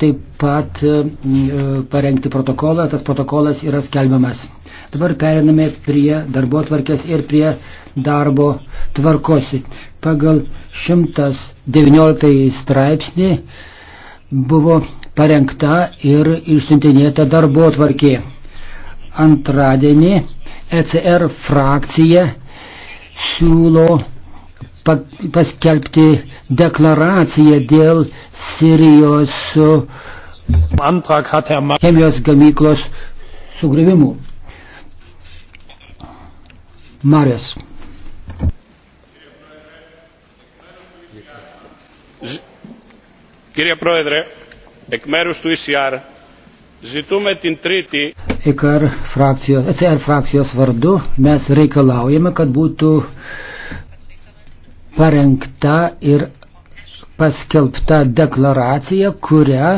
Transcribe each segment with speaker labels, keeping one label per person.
Speaker 1: taip pat e, e, parengti protokolą, tas protokolas yra skelbiamas. Dabar periname prie darbo tvarkės ir prie darbo tvarkosi. Pagal 119 straipsnį buvo parengta ir išsintinėta darbo tvarkė. Antradienį ECR frakcija siūlo paskelbti deklaraciją dėl Sirijos chemijos gamyklos sugrįvimų. Marius.
Speaker 2: Κύριε Πρόεδρε, εκ μέρους του ECR ζητούμε την τρίτη...
Speaker 1: ECR φράξιος, ECR φράξιος βαρδού, mes reikalaujame, kad būtų parengta ir paskelbta deklaracija, kurią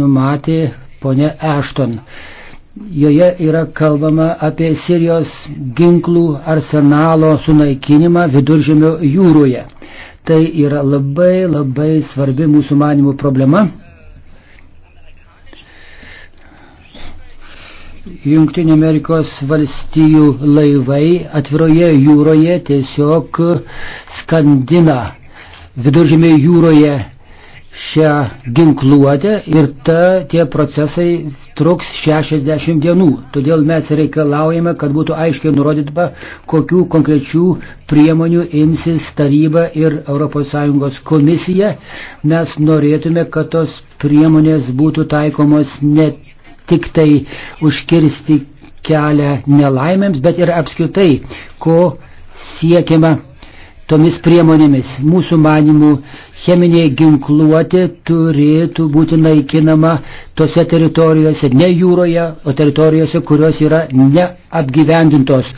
Speaker 1: numatė ponė Ešton. Joje yra kalbama apie Sirijos ginklų arsenalo sunaikinimą viduržėmio jūroje. Tai yra labai labai svarbi mūsų manimų problema. Junktinių Amerikos valstijų laivai atviroje jūroje tiesiog skandina viduržėmė jūroje šią ginkluotę ir ta, tie procesai truks 60 dienų. Todėl mes reikalaujame, kad būtų aiškiai nurodyta, kokių konkrečių priemonių imsis taryba ir ES komisija. Mes norėtume, kad tos priemonės būtų taikomos ne tik tai užkirsti kelią nelaimėms, bet ir apskritai, ko siekiama tomis priemonėmis. Mūsų manimų cheminė ginkluotė turėtų būti naikinama tose teritorijose, ne jūroje, o teritorijose, kurios yra neapgyvendintos.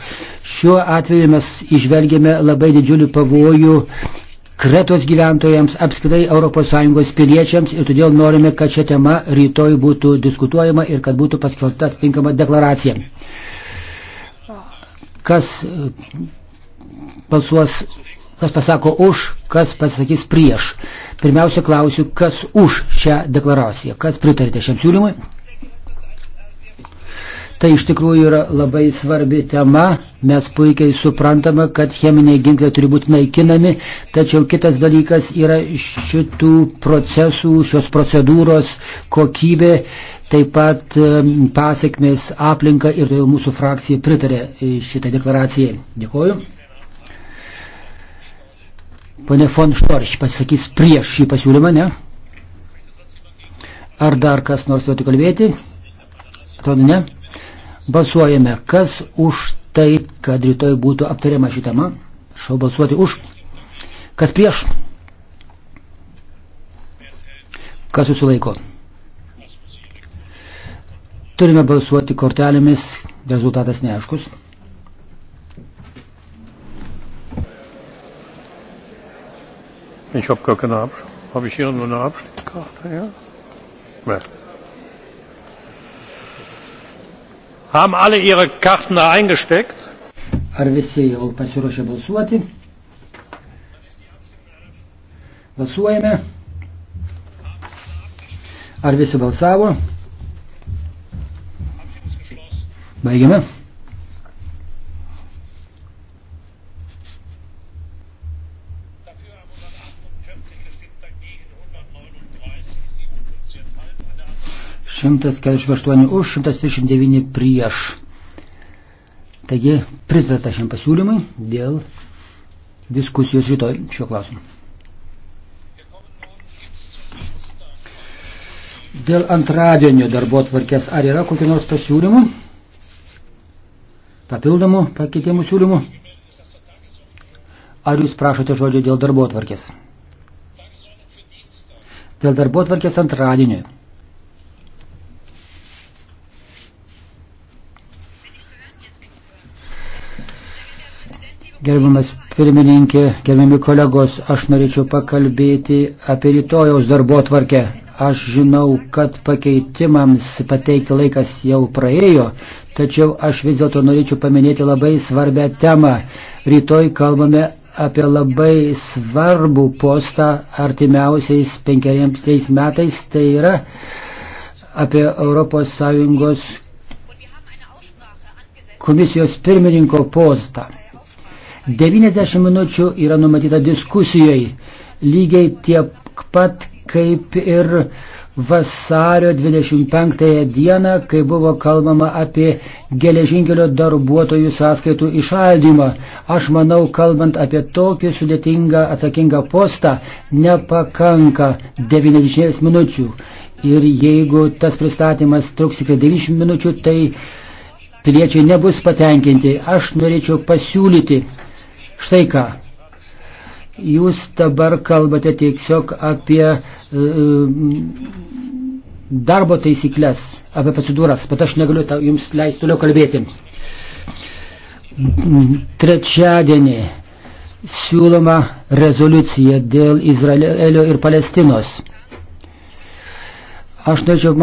Speaker 1: Šiuo atveju mes išvelgėme labai didžiulį pavojų Kretos gyventojams, apskritai ES piliečiams ir todėl norime, kad šią temą rytoj būtų diskutuojama ir kad būtų paskelbta tinkama deklaracija. Kas balsuos kas pasako už, kas pasakys prieš. Pirmiausia, klausiu, kas už šią deklaraciją, kas pritarite šiam siūlymui. Tai iš tikrųjų yra labai svarbi tema, mes puikiai suprantame, kad cheminiai ginklai turi būti naikinami, tačiau kitas dalykas yra šitų procesų, šios procedūros kokybė, taip pat pasiekmės aplinka ir todėl tai mūsų frakcija pritarė e, šitai deklaracijai. Dėkuoju. Pone von Štorš pasisakys prieš šį pasiūlymą, ne? Ar dar kas nors duoti kalbėti? Atrodo, ne. Balsuojame, kas už tai, kad rytoj būtų aptariama ši tema. Šau balsuoti už. Kas prieš? Kas susilaiko? Turime balsuoti kortelėmis, rezultatas neaiškus. Ich habe gar keine Abstimmung. Habe ich hier nur eine Abstimmkarte? Ja? Nee. Haben alle ihre Karten da eingesteckt? Ar visi jau pasiruošė balsuoti? Balsuojame. Ar visi balsavo? Baigiame. 148 už, 139 prieš. Taigi pritarta šiam pasiūlymui dėl diskusijos rytoj šiuo klausimu. Dėl antradienio darbo tvarkės ar yra kokių nors pasiūlymų, papildomų pakeitimų siūlymų? Ar jūs prašote žodžio dėl darbo tvarkės? Dėl darbo tvarkės antradienio. Gerbiamas pirmininkė, gerbiami kolegos, aš norėčiau pakalbėti apie rytojaus darbo tvarkę. Aš žinau, kad pakeitimams pateikti laikas jau praėjo, tačiau aš vis dėlto norėčiau paminėti labai svarbę temą. Rytoj kalbame apie labai svarbų postą artimiausiais penkeriems metais, tai yra apie ES komisijos pirmininko postą. 90 minučių yra numatyta diskusijai, lygiai tiek pat kaip ir vasario 25 dieną, kai buvo kalbama apie geležinkelio darbuotojų sąskaitų išaldymą. Aš manau, kalbant apie tokį sudėtingą atsakingą postą, nepakanka 90 minučių. Ir jeigu tas pristatymas truks tik 90 tai minučių, tai piliečiai nebus patenkinti. Aš norėčiau pasiūlyti Štai ką. Jūs dabar kalbate tiesiog apie e, e, darbo taisyklės, apie procedūras, bet aš negaliu ta, jums leisti toliau kalbėti. Trečiadienį siūloma rezoliucija dėl Izraelio ir Palestinos. Aš norėčiau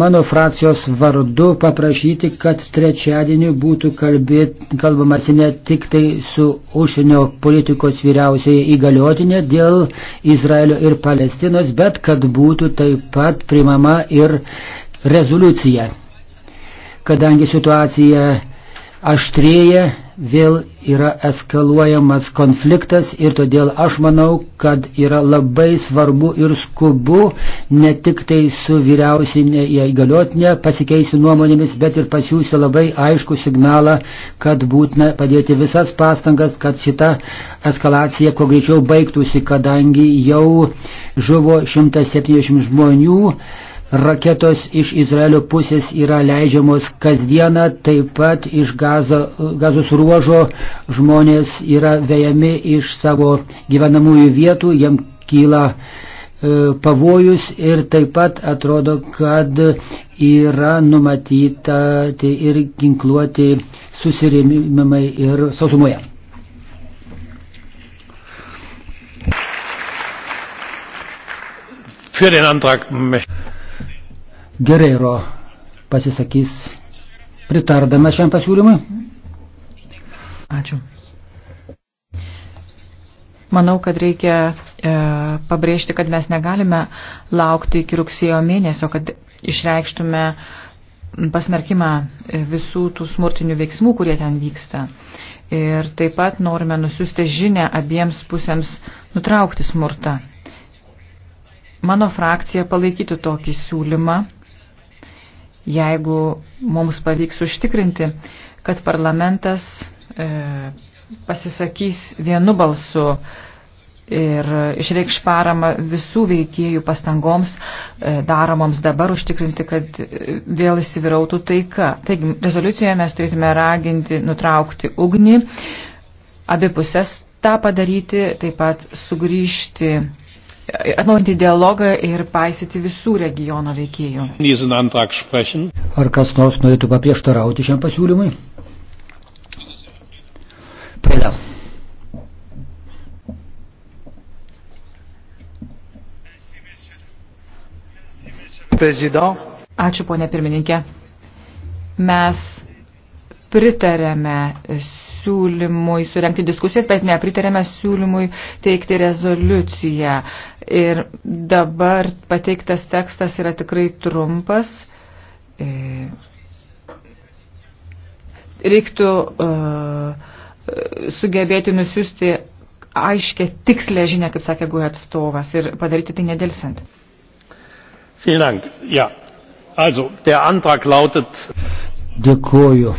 Speaker 1: mano frakcijos vardu paprašyti, kad trečiadienį būtų kalbėt, kalbamasi ne tik tai su užsienio politikos vyriausiai įgaliotinė dėl Izraelio ir Palestinos, bet kad būtų taip pat primama ir rezoliucija. Kadangi situacija aštrėja, vėl yra eskaluojamas konfliktas ir todėl aš manau, kad yra labai svarbu ir skubu ne tik tai su vyriausinė įgaliotinė pasikeisti nuomonėmis, bet ir pasiūsti labai aišku signalą, kad būtina padėti visas pastangas, kad šita eskalacija kuo greičiau baigtųsi, kadangi jau žuvo 170 žmonių Raketos iš Izraelio pusės yra leidžiamos kasdieną, taip pat iš gaza, gazos ruožo žmonės yra vejami iš savo gyvenamųjų vietų, jam kyla e, pavojus ir taip pat atrodo, kad yra numatyta tai ir ginkluoti susirėmimai ir sausumoje. Für den Antrag möchte Gereiro pasisakys pritardama šiam pasiūlymui. Ačiū.
Speaker 2: Manau, kad reikia e, pabrėžti, kad mes negalime laukti iki rugsėjo mėnesio, kad išreikštume pasmerkimą e, visų tų smurtinių veiksmų, kurie ten vyksta. Ir taip pat norime nusiųsti žinę abiems pusėms nutraukti smurtą. Mano frakcija palaikytų tokį siūlymą jeigu mums pavyks užtikrinti, kad parlamentas e, pasisakys vienu balsu ir išreikš paramą visų veikėjų pastangoms e, daromoms dabar užtikrinti, kad e, vėl įsivyrautų taika. Taigi, rezoliucijoje mes turėtume raginti nutraukti ugnį, abipusės tą padaryti, taip pat sugrįžti atnaujinti dialogą ir paisyti visų regiono veikėjų.
Speaker 1: Ar kas nors norėtų paprieštarauti šiam pasiūlymui? Preda.
Speaker 2: Prezident. Ačiū, ponė pirmininkė. Mes pritarėme siūlymui surenkti diskusijas, bet nepritarėme siūlymui teikti rezoliuciją. Ir dabar pateiktas tekstas yra tikrai trumpas. E, reiktų uh, sugebėti nusiųsti aiškę, tikslę žinę, kaip sakė GUE atstovas, ir padaryti tai nedelsint.
Speaker 1: Vielen Dank. Ja. Also, der Antrag lautet. Dėkuoju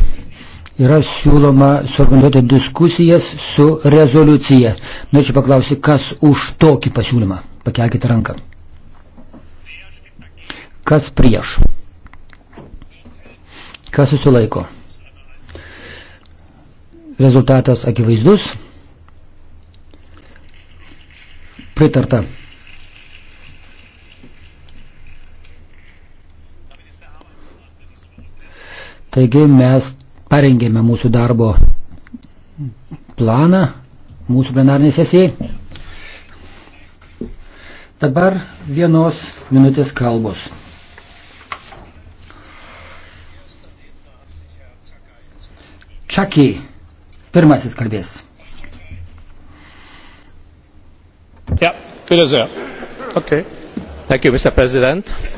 Speaker 1: yra siūloma suorganizuoti diskusijas su rezoliucija. Norėčiau nu, paklausyti, kas už tokį pasiūlymą. Pakelkite ranką. Kas prieš? Kas susilaiko? Rezultatas akivaizdus. Pritarta. Taigi mes parengėme mūsų darbo planą, mūsų plenarnį sesiją. Dabar vienos minutės kalbos. Čakiai pirmasis kalbės.
Speaker 2: Ja, bitte sehr. Okay. Thank you, Mr. President.